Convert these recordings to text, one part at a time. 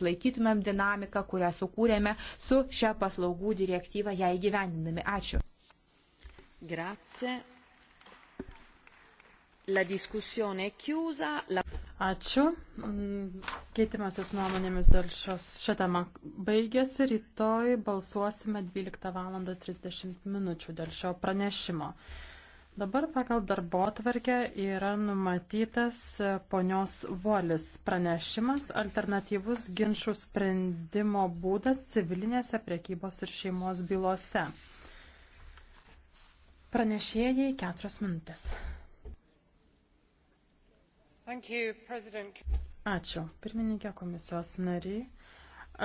išlaikytumėm dinamiką, kurią sukūrėme su šia paslaugų direktyva ją įgyvendinami. Ačiū. Grazie. La discussione è chiusa. La... Ačiū. Mm, keitimasis nuomonėmis dėl šios šią temą baigėsi. Rytoj balsuosime 12 val. 30 min. dėl šio pranešimo. Dabar pagal darbo tvarkę yra numatytas e, ponios Volis pranešimas alternatyvus ginčių sprendimo būdas civilinėse prekybos ir šeimos bylose. Pranešėjai keturios minutės. Ačiū. Pirmininkė komisijos nariai.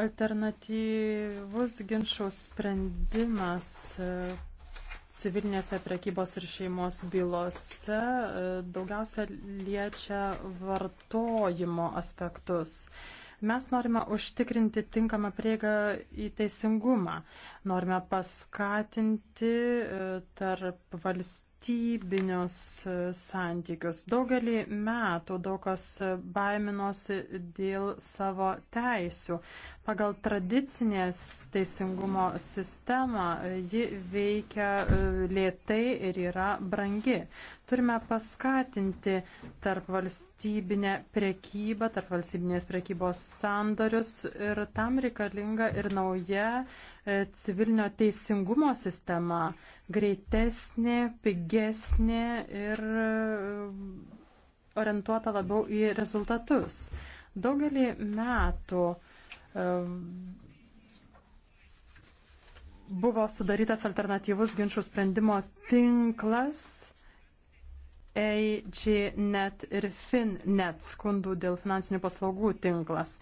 Alternatyvus ginčių sprendimas e, civilinėse prekybos ir šeimos bylose e, daugiausia liečia vartojimo aspektus. Mes norime užtikrinti tinkamą prieigą į teisingumą, norime paskatinti e, tarp valstybinius e, santykius. Daugelį metų daug kas baiminosi dėl savo teisių, Pagal tradicinės teisingumo sistemą ji veikia e, lėtai ir yra brangi. Turime paskatinti tarp valstybinę prekybą, tarp valstybinės prekybos sandorius ir tam reikalinga ir nauja e, civilinio teisingumo sistema - greitesnė, pigesnė ir e, orientuota labiau į rezultatus. Daugelį metų uh, buvo sudarytas alternatyvus ginčių sprendimo tinklas AGNet ir FinNet skundų dėl finansinių paslaugų tinklas.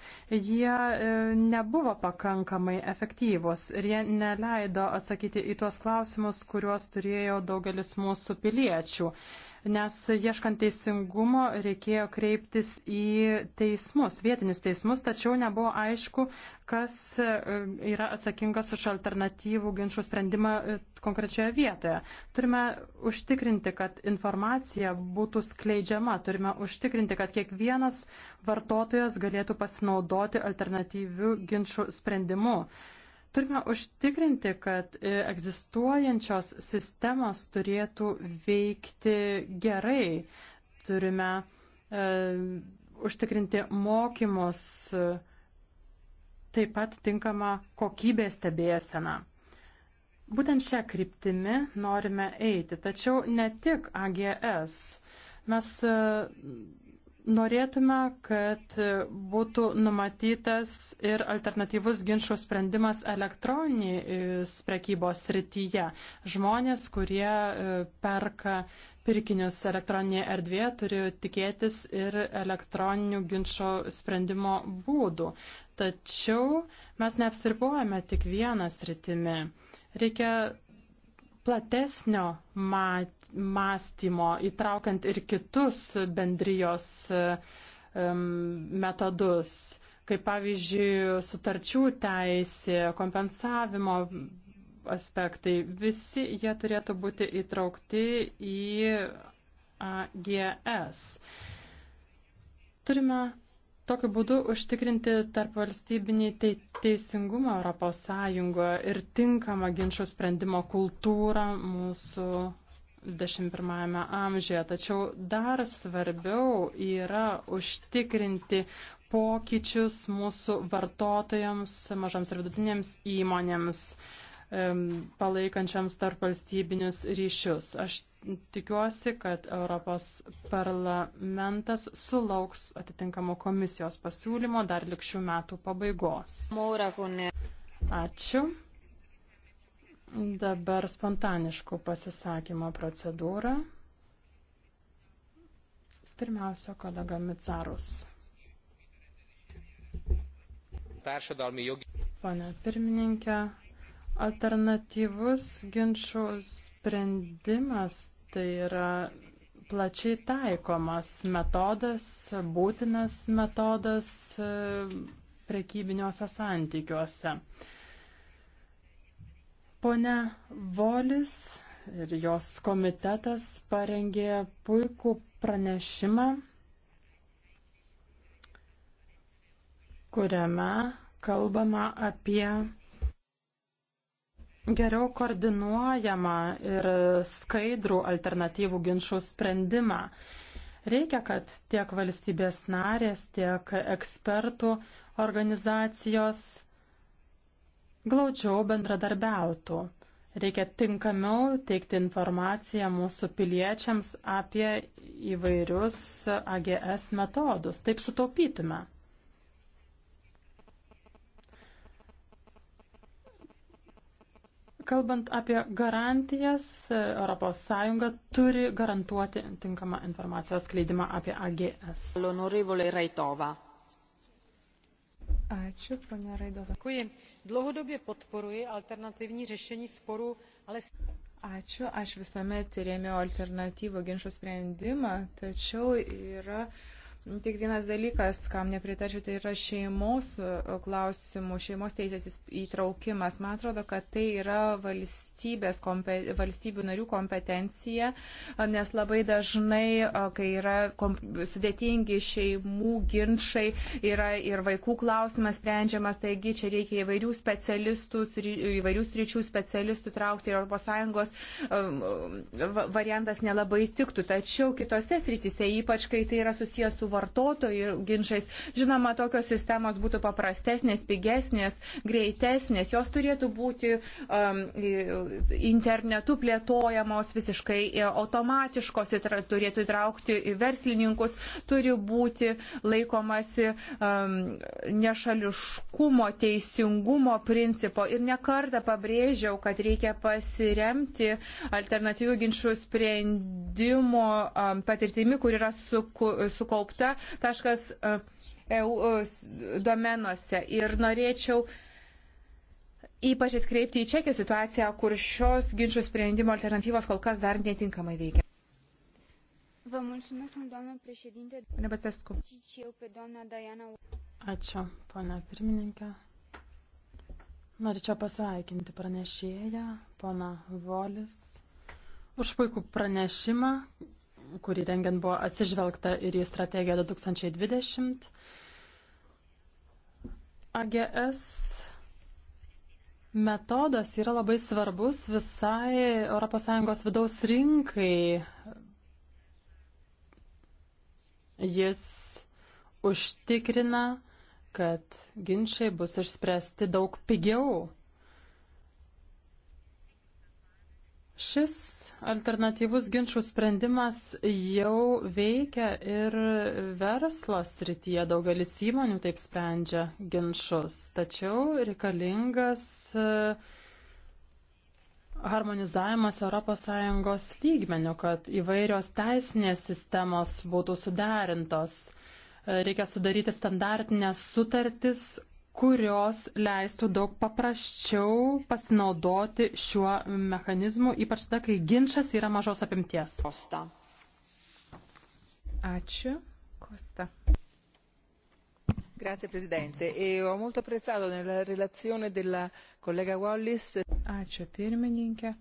Jie e, nebuvo pakankamai efektyvos ir jie neleido atsakyti į tuos klausimus, kuriuos turėjo daugelis mūsų piliečių nes ieškant teisingumo reikėjo kreiptis į teismus, vietinius teismus, tačiau nebuvo aišku, kas e, yra atsakingas už alternatyvų ginčių sprendimą e, konkrečioje vietoje. Turime užtikrinti, kad informacija būtų skleidžiama, turime užtikrinti, kad kiekvienas vartotojas galėtų pasinaudoti alternatyvių ginčių sprendimu. Turime užtikrinti, kad e, egzistuojančios sistemos turėtų veikti gerai. Turime e, užtikrinti mokymus, taip pat tinkamą kokybės stebėseną. Būtent šią kryptimį norime eiti, tačiau ne tik AGS. Mes e, Norėtume, kad būtų numatytas ir alternatyvus ginčio sprendimas elektroninės prekybos srityje. Žmonės, kurie e, perka pirkinius elektroninėje erdvėje, turi tikėtis ir elektroninių ginčio sprendimo būdų. Tačiau mes neapsirbuojame tik vieną sritimi. Reikia platesnio mąstymo, įtraukiant ir kitus bendrijos metodus, kaip pavyzdžiui sutarčių teisė, kompensavimo aspektai, visi jie turėtų būti įtraukti į AGS. Turime tokiu būdu užtikrinti tarp valstybinį te teisingumą Europos Sąjungoje ir tinkamą ginčių sprendimo kultūrą mūsų 21 amžiuje. Tačiau dar svarbiau yra užtikrinti pokyčius mūsų vartotojams, mažoms ir vidutinėms įmonėms palaikančiams tarp valstybinius ryšius. Aš tikiuosi, kad Europos parlamentas sulauks atitinkamo komisijos pasiūlymo dar likščių metų pabaigos. Ačiū. Dabar spontaniškų pasisakymo procedūra. Pirmiausia, kolega Micarus. Pane pirmininkė, alternatyvus ginčių sprendimas Tai yra plačiai taikomas metodas, būtinas metodas e, prekybiniuose santykiuose. Pone Volis ir jos komitetas parengė puikų pranešimą, kuriame kalbama apie geriau koordinuojamą ir skaidrų alternatyvų ginčių sprendimą. Reikia, kad tiek valstybės narės, tiek ekspertų organizacijos glaudžiau bendradarbiautų. Reikia tinkamiau teikti informaciją mūsų piliečiams apie įvairius AGS metodus. Taip sutaupytume. Kalbant apie garantijas, ES turi garantuoti tinkamą informacijos skleidimą apie AGS. L'onorevole Raitova. Ačiū, ponia Raidova. Děkuji. Dlouhodobě podporuji alternativní řešení sporu, ale... Ačiū, aš visuomet rėmiau alternatyvų ginčių sprendimą, tačiau yra uh, Tik vienas dalykas, kam nepritarčiau, tai yra šeimos e, klausimų, šeimos teisės įtraukimas. Man atrodo, kad tai yra valstybės, kompe, valstybių narių kompetencija, e, nes labai dažnai, e, kai yra kom, sudėtingi šeimų ginčiai, yra ir vaikų klausimas sprendžiamas, taigi čia reikia įvairių specialistų, įvairių sričių specialistų traukti ir ES variantas nelabai tiktų. Tačiau kitose srityse, ypač kai tai yra susijęs su vartotojų ginčiais. Žinoma, tokios sistemos būtų paprastesnės, pigesnės, greitesnės. Jos turėtų būti um, internetu plėtojamos visiškai automatiškos, turėtų įtraukti verslininkus, turi būti laikomasi um, nešališkumo, teisingumo principo. Ir nekartą pabrėžiau, kad reikia pasiremti alternatyvių ginčių sprendimo um, patirtimi, kur yra suku, sukaupta visa.eu e, domenuose. Ir norėčiau ypač atkreipti į Čekijos situaciją, kur šios ginčių sprendimo alternatyvos kol kas dar netinkamai veikia. Vă mulțumesc, doamnă președinte. Ne băsescu. Și eu pe doamna Diana. Ačiū, ponia pirmininkė. Norėčiau pasveikinti pranešėją, poną Volis, už puikų pranešimą, kurį rengiant buvo atsižvelgta ir į strategiją 2020. AGS metodas yra labai svarbus visai ES vidaus rinkai. Jis užtikrina, kad ginčiai bus išspręsti daug pigiau Šis alternatyvus ginčių sprendimas jau veikia ir verslo srityje. Daugelis įmonių taip sprendžia ginčius. Tačiau reikalingas e, harmonizavimas ES lygmenių, kad įvairios teisinės sistemos būtų suderintos. E, reikia sudaryti standartinės sutartis, kurios leistų daug paprasčiau pasinaudoti šiuo mechanizmu, ypač tada, kai ginčas yra mažos apimties. Kosta. Ačiū. Kosta. Grazie Presidente. E ho molto apprezzato nella relazione della collega Wallis. Ačiū pirmininkė.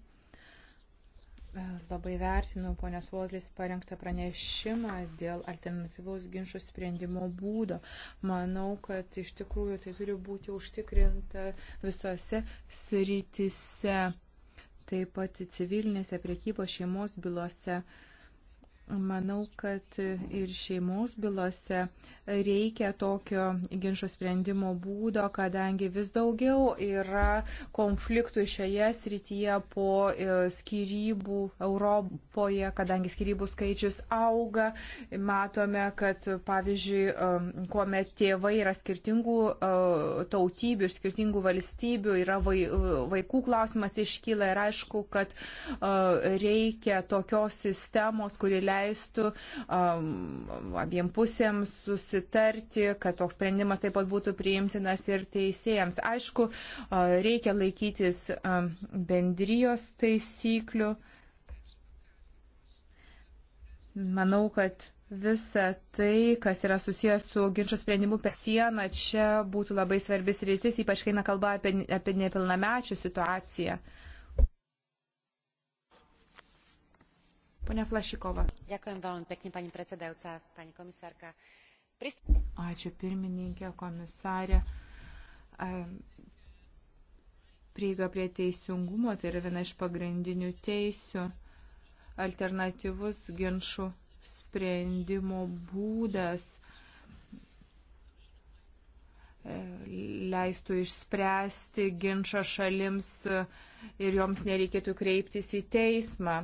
Labai vertinu ponios Vodlis parengtą pranešimą dėl alternatyvaus ginčių sprendimo būdo. Manau, kad iš tikrųjų tai turi būti užtikrinta visose sritise, taip pat civilinėse priekybos šeimos bylose. Uh, Manau, kad ir šeimos bylose reikia tokio ginčio sprendimo būdo, kadangi vis daugiau yra konfliktų šioje srityje po e, skirybų Europoje, kadangi skirybų skaičius auga. Matome, kad pavyzdžiui, e, kuomet tėvai yra skirtingų e, tautybių, iš skirtingų valstybių, yra vaikų klausimas iškyla ir aišku, kad reikia tokios sistemos, kuri leidžia leistų um, abiem pusėms susitarti, kad toks sprendimas taip pat būtų priimtinas ir teisėjams. Aišku, reikia laikytis bendrijos taisyklių. Manau, kad visa tai, kas yra susijęs su ginčio sprendimu per sieną, čia būtų labai svarbis rytis, ypač kai eina kalba apie, apie nepilnamečių situaciją. Uh, Pane Flašikova. Dėkuojam vam, pekni, pani predsedajúca, pani komisárka. Prist... Ačiū pirmininkė, komisarė. Prieiga prie teisingumo tai yra viena iš pagrindinių teisių alternatyvus ginčių sprendimo būdas e, leistų išspręsti ginčą šalims ir joms nereikėtų kreiptis į teismą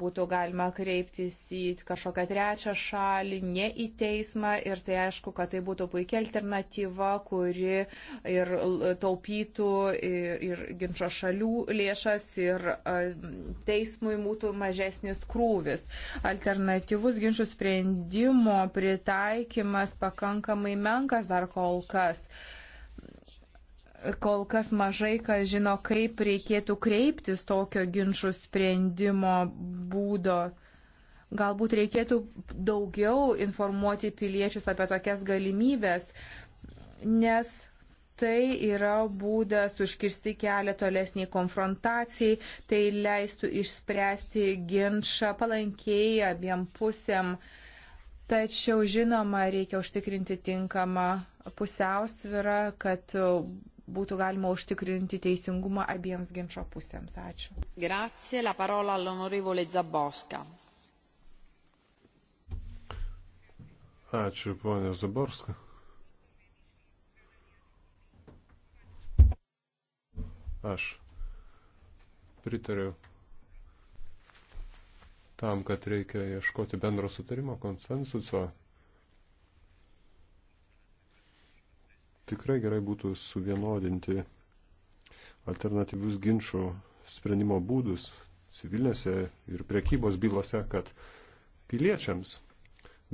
būtų galima kreiptis į kažkokią trečią šalį, ne į teismą ir tai aišku, kad tai būtų puikia alternatyva, kuri ir taupytų ir, ir ginčio šalių lėšas ir teismui būtų mažesnis krūvis. Alternatyvus ginčių sprendimo pritaikymas pakankamai menkas dar kol kas. Uh, kol kas mažai kas žino, kaip reikėtų kreiptis tokio ginčių sprendimo būdo. Galbūt reikėtų daugiau informuoti piliečius apie tokias galimybės, nes tai yra būdas užkirsti kelią tolesniai konfrontacijai, tai leistų išspręsti ginčą palankiai abiem pusėm. Tačiau, žinoma, reikia užtikrinti tinkamą pusiausvyrą, kad būtų galima užtikrinti teisingumą abiems ginčio pusėms. Ačiū. Grazie, la parola all'onorevole Zaborska. Ačiū, ponė Zaborska. Aš pritariu tam, kad reikia ieškoti bendro sutarimo, konsensuso tikrai gerai būtų suvienodinti alternatyvius ginčių sprendimo būdus civilinėse ir priekybos bylose, kad piliečiams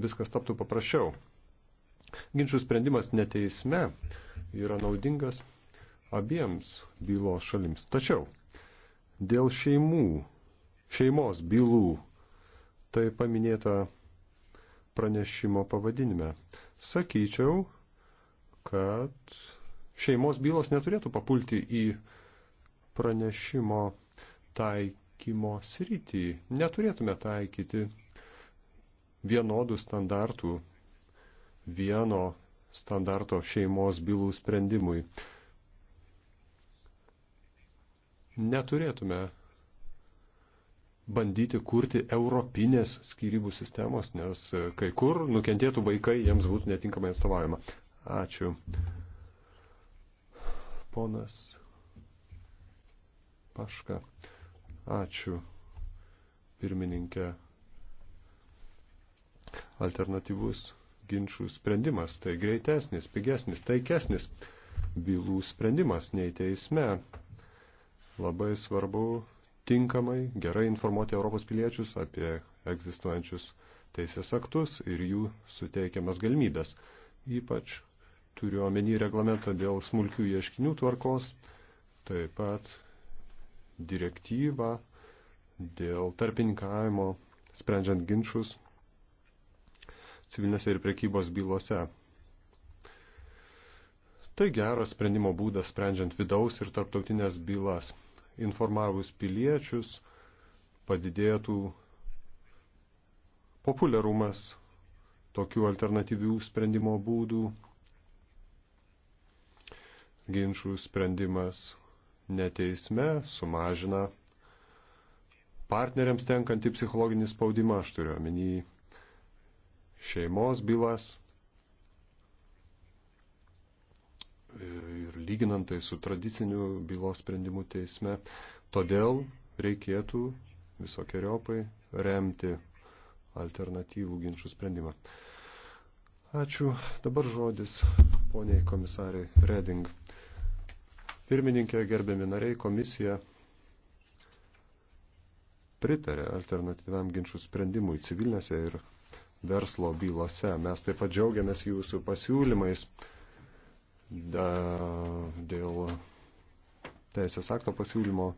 viskas taptų paprasčiau. Ginčių sprendimas neteisme yra naudingas abiems bylos šalims. Tačiau dėl šeimų, šeimos bylų, tai paminėta pranešimo pavadinime. Sakyčiau, kad šeimos bylos neturėtų papulti į pranešimo taikymo sritį. Neturėtume taikyti vienodų standartų vieno standarto šeimos bylų sprendimui. Neturėtume bandyti kurti europinės skyrybų sistemos, nes kai kur nukentėtų vaikai, jiems būtų netinkamai atstovaujama. Ačiū. Ponas Paška. Ačiū, pirmininkė. Alternatyvus ginčių sprendimas tai greitesnis, pigesnis, taikesnis bylų sprendimas nei teisme. Labai svarbu tinkamai, gerai informuoti Europos piliečius apie egzistuojančius teisės aktus ir jų suteikiamas galimybės, ypač turiu omeny reglamentą dėl smulkių ieškinių tvarkos, taip pat direktyvą dėl tarpininkavimo, sprendžiant ginčius civilinėse ir prekybos bylose. Tai geras sprendimo būdas sprendžiant vidaus ir tarptautinės bylas. Informavus piliečius padidėtų populiarumas tokių alternatyvių sprendimo būdų ginčių sprendimas neteisme sumažina partneriams tenkantį psichologinį spaudimą, aš turiu omeny šeimos bylas ir lyginant tai su tradiciniu bylos sprendimu teisme. Todėl reikėtų visokiojopai remti alternatyvų ginčių sprendimą. Ačiū. Dabar žodis poniai komisariai Reding. Pirmininkė, gerbiami nariai, komisija pritarė alternatyviam ginčių sprendimui civilinėse ir verslo bylose. Mes taip pat džiaugiamės jūsų pasiūlymais da, dėl teisės akto pasiūlymo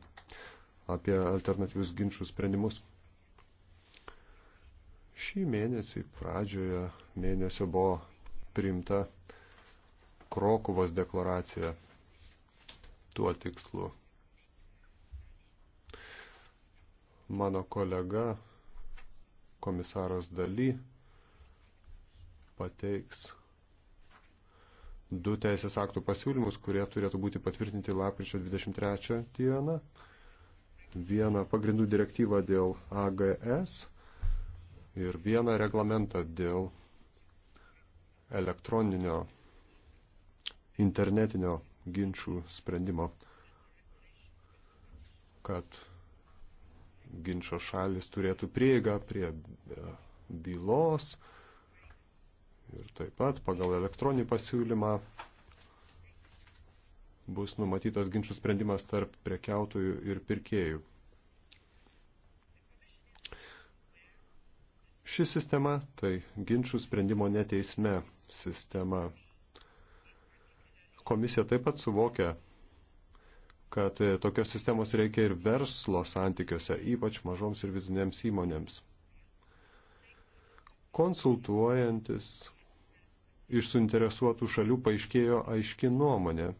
apie alternatyvius ginčių sprendimus. Šį mėnesį pradžioje mėnesio buvo priimta Krokovos deklaraciją tuo tikslu. Mano kolega, komisaras Daly, pateiks du teisės aktų pasiūlymus, kurie turėtų būti patvirtinti lapkričio 23 dieną. Vieną pagrindų direktyvą dėl AGS ir vieną reglamentą dėl elektroninio internetinio ginčių sprendimo, kad ginčio šalis turėtų prieigą prie bylos ir taip pat pagal elektroninį pasiūlymą bus numatytas ginčių sprendimas tarp prekiautojų ir pirkėjų. Ši sistema tai ginčių sprendimo neteisme sistema Komisija taip pat suvokia, kad e, tokios sistemos reikia ir verslo santykiuose, ypač mažoms ir vidutinėms įmonėms. Konsultuojantis iš suinteresuotų šalių paaiškėjo aiški nuomonė.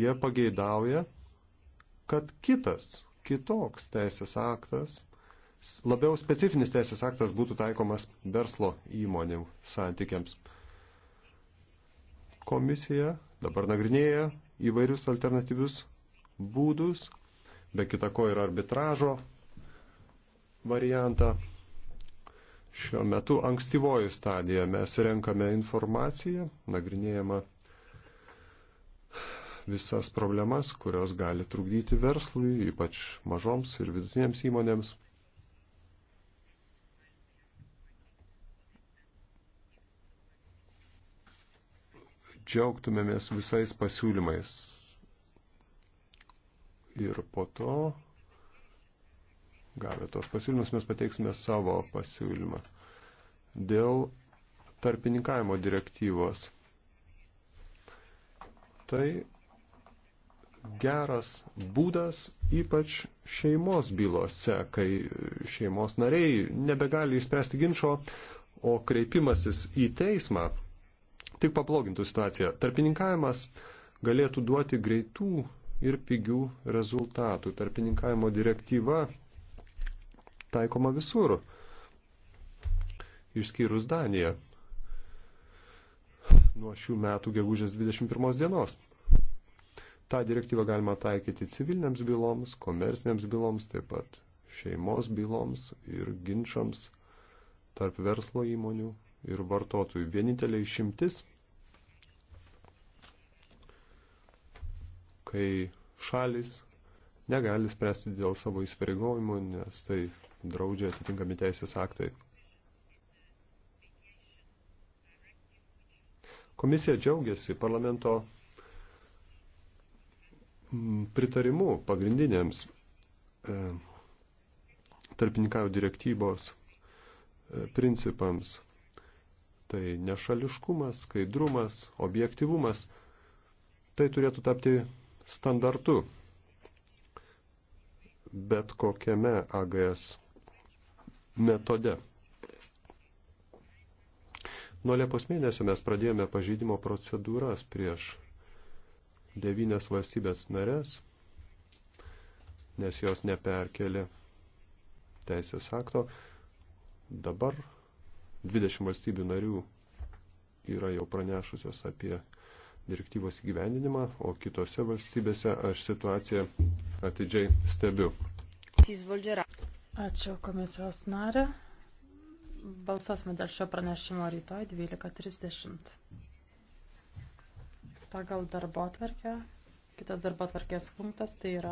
Jie pageidauja, kad kitas, kitoks teisės aktas, labiau specifinis teisės aktas būtų taikomas verslo įmonių santykiams. Komisija dabar nagrinėja įvairius alternatyvius būdus, be kita ko ir arbitražo variantą. Šiuo metu ankstyvoji stadija mes renkame informaciją, nagrinėjama visas problemas, kurios gali trukdyti verslui, ypač mažoms ir vidutinėms įmonėms. džiaugtumėmės visais pasiūlymais. Ir po to, gavę tos pasiūlymus, mes pateiksime savo pasiūlymą dėl tarpininkavimo direktyvos. Tai geras būdas ypač šeimos bylose, kai šeimos nariai nebegali išspręsti ginčio, o kreipimasis į teismą tik pablogintų situaciją. Tarpininkavimas galėtų duoti greitų ir pigių rezultatų. Tarpininkavimo direktyva taikoma visur, išskyrus Daniją nuo šių metų gegužės 21 dienos. Ta direktyva galima taikyti civiliniams byloms, komerciniams byloms, taip pat šeimos byloms ir ginčiams tarp verslo įmonių ir vartotojų. Vienintelė išimtis kai šalis negali spręsti dėl savo įsipareigojimų, nes tai draudžia atitinkami teisės aktai. Komisija džiaugiasi parlamento mm, pritarimu pagrindinėms e, tarpininkavimo direktybos e, principams. Tai nešališkumas, skaidrumas, objektivumas. Tai turėtų tapti standartu bet kokiame AGS metode. Nuo Liepos mėnesio mes pradėjome pažydimo procedūras prieš devynės valstybės narės, nes jos neperkelė teisės akto. Dabar 20 valstybių narių yra jau pranešusios apie direktyvos įgyvendinimą, o kitose valstybėse aš situaciją atidžiai stebiu. Ačiū komisijos narė. Balsuosime dėl šio pranešimo rytoj 12.30. Pagal darbo atvarkę, kitas darbo atvarkės punktas tai yra.